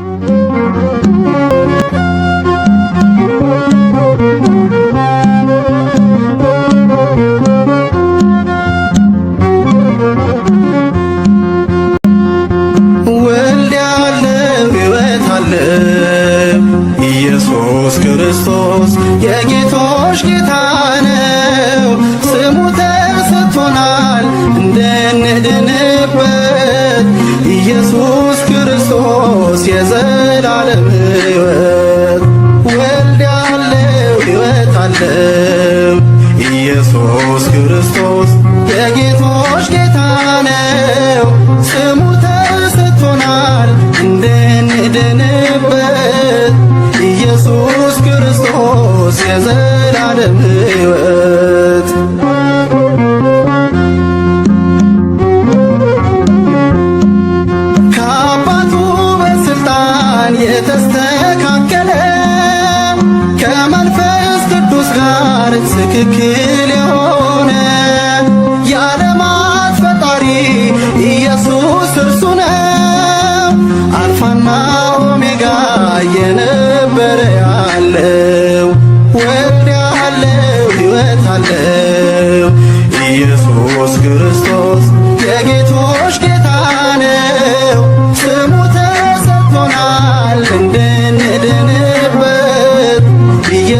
Música የዘላለም ሕይወት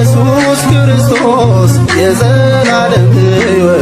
ኢየሱስ ክርስቶስ የዘላለም ሕይወት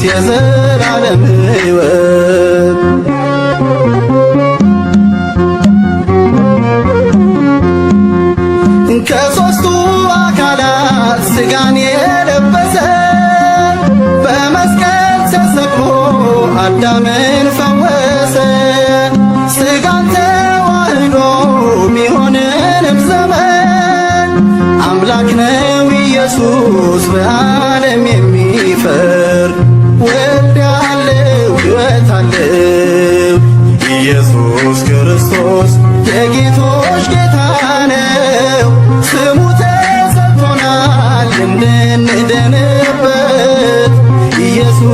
ኢየሱስ የዘላለም ሕይወት አካላት የለበሰ በመስቀል ተሰቅሎ አዳመ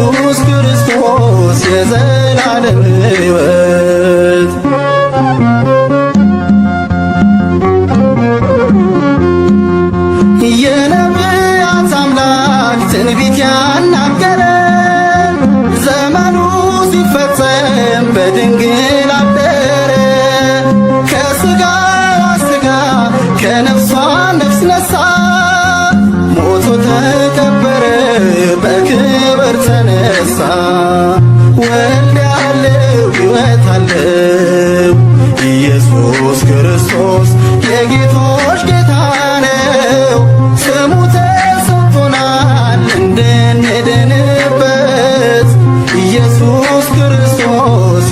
ኢየሱስ ክርስቶስ የዘላለም ሕይወት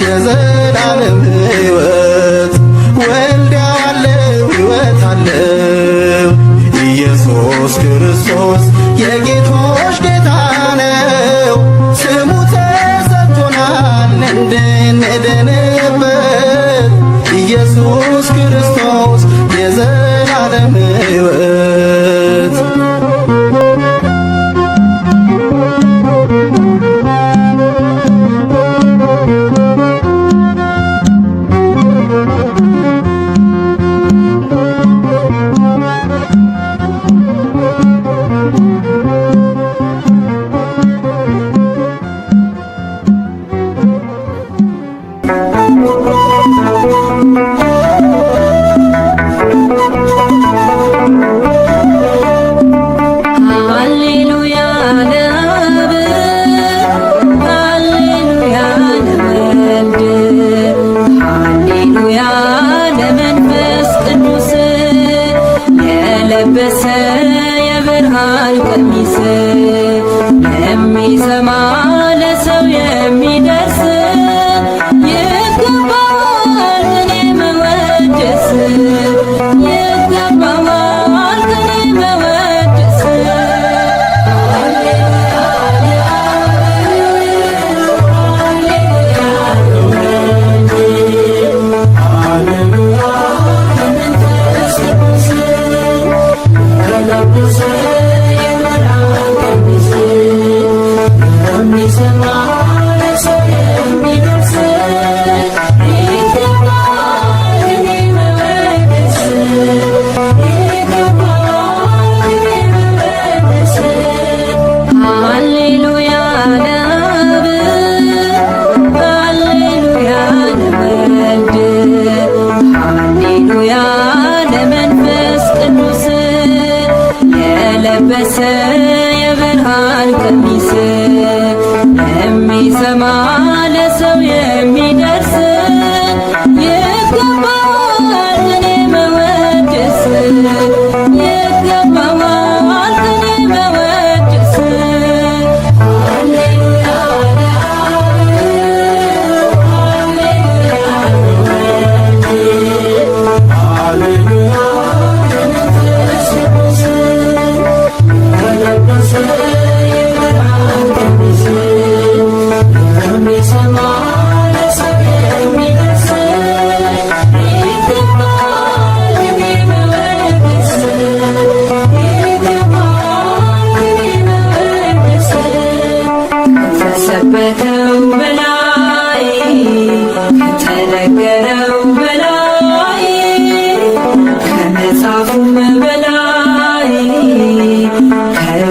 የዘላለም ሕይወት Thank you.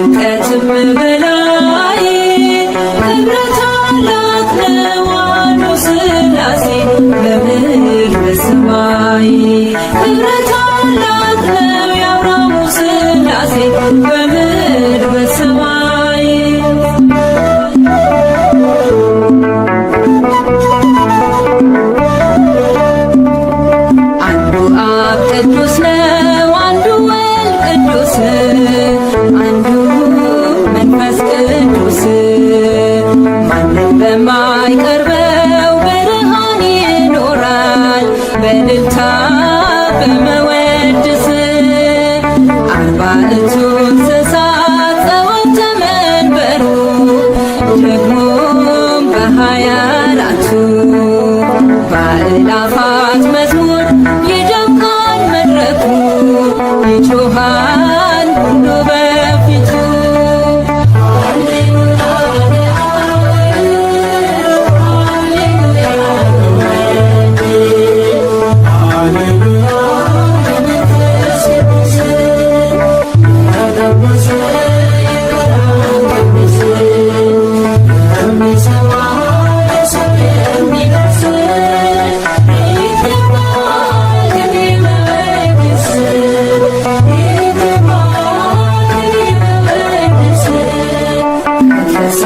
a river.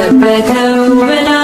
Rebecca, when I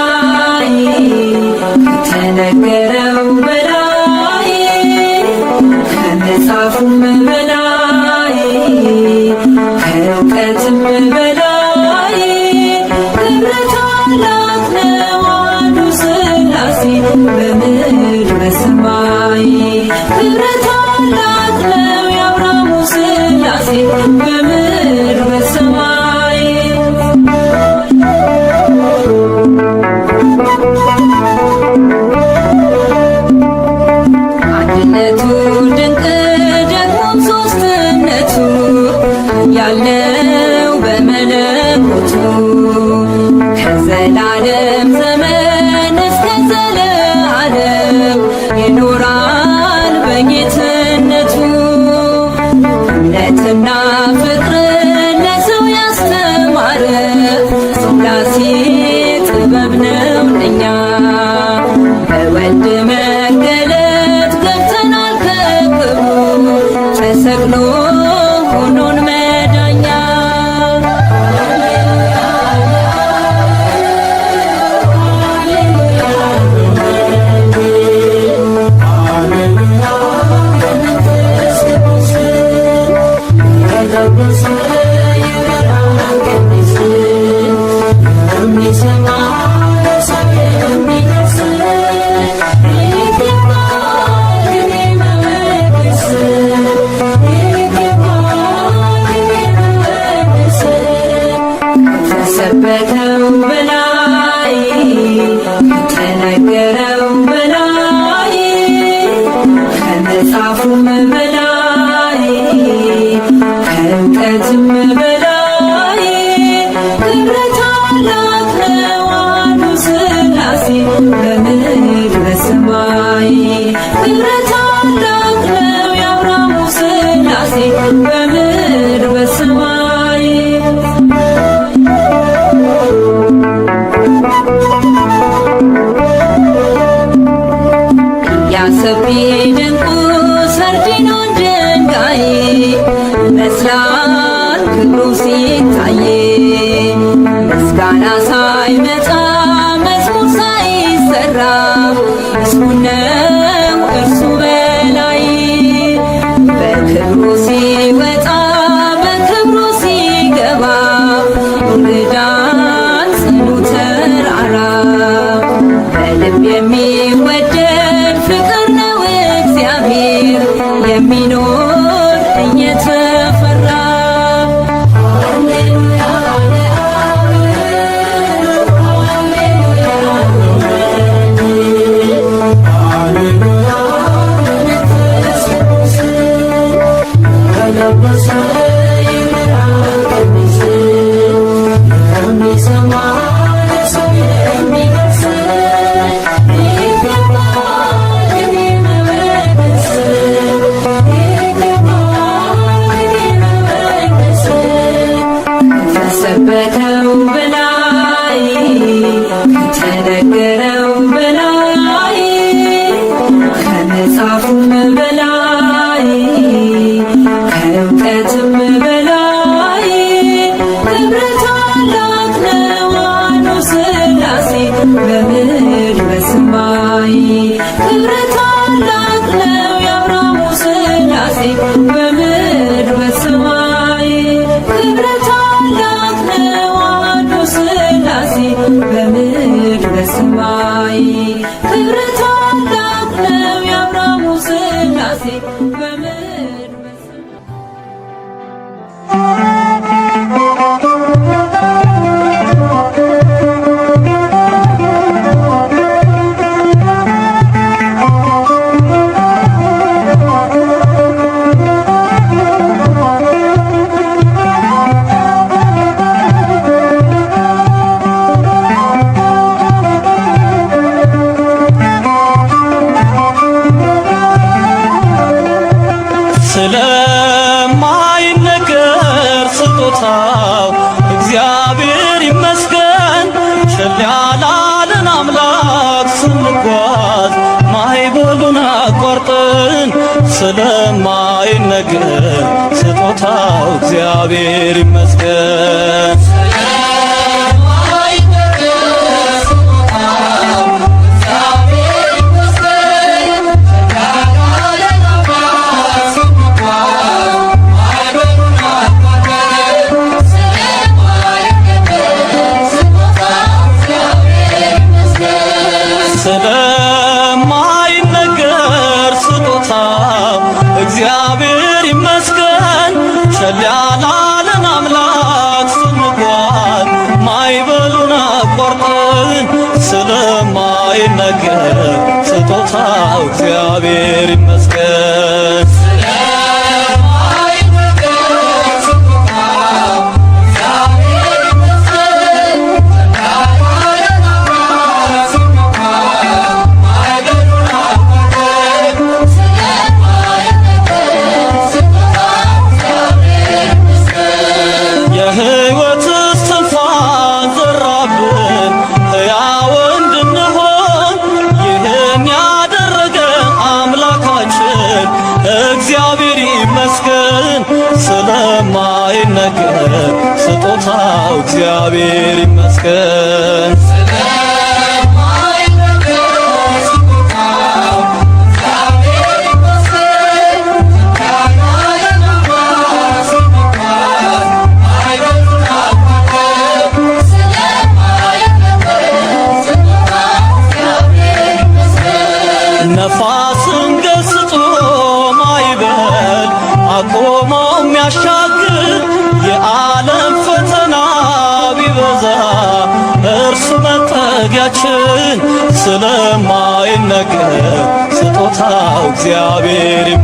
ድንቁ ሰርዲኖ ድንጋይ መስላል ክብሩ ሲታይ ምስጋና ሳይመጣ ጌታው እግዚአብሔር ይመስገን። ቸል አምላክ ስንጓዝ ማይበሉን አቋርጠን ስለማይነገር ስጦታው እግዚአብሔር ይመስገን። ስለማይነገር ስጦታ እግዚአብሔር ይመስገን። እግዚአብሔር ይመስገን። እግዚአብሔር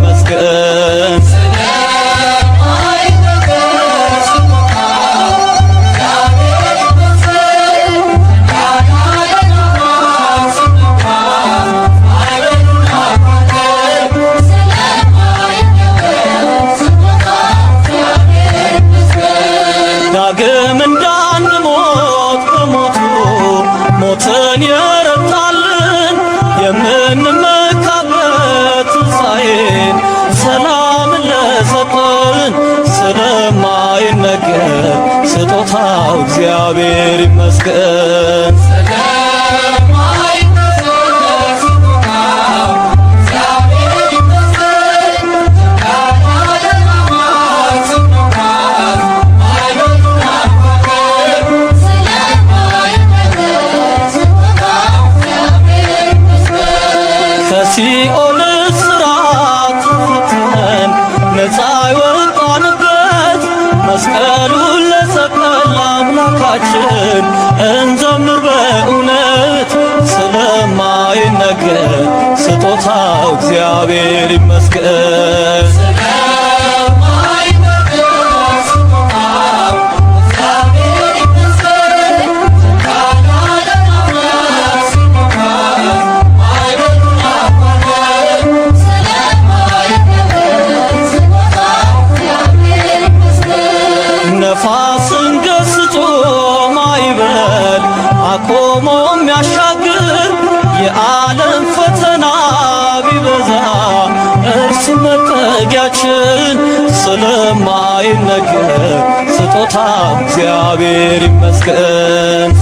ከሲኦል እስራት ነፃ የወጣንበት መስቀሉን ለሰቀል አምላካችን እንዘምር በእውነት ስለማይነገር ስጦታው እግዚአብሔር ይመስገን። መጠጊያችን ስለማይነገር ስጦታ እግዚአብሔር ይመስገን።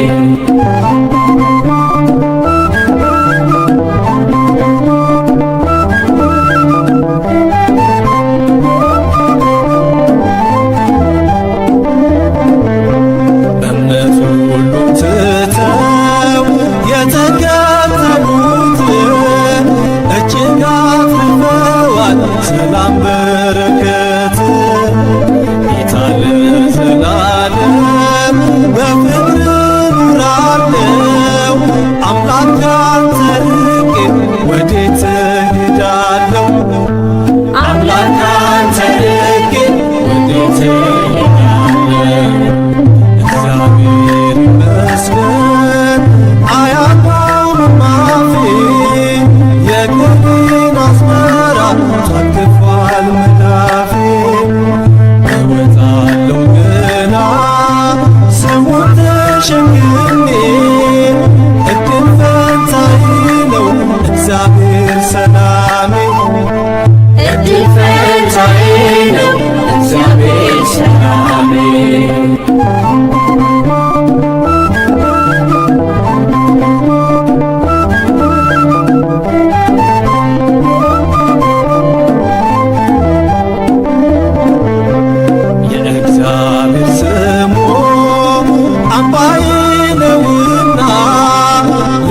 Thank you.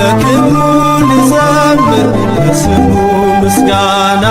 ለክብሩ ልዘምር ለስሙ ምስጋና